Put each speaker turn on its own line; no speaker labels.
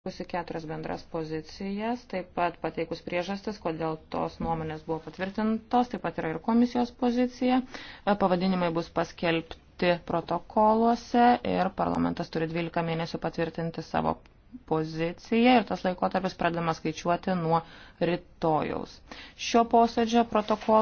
pateikusi keturias bendras pozicijas, taip pat pateikus priežastis, kodėl tos nuomonės buvo patvirtintos, taip pat yra ir komisijos pozicija. E, pavadinimai bus paskelbti protokoluose ir parlamentas turi 12 mėnesių patvirtinti savo poziciją ir tas laikotarpis pradama skaičiuoti nuo rytojaus. Šio
posėdžio protokolas.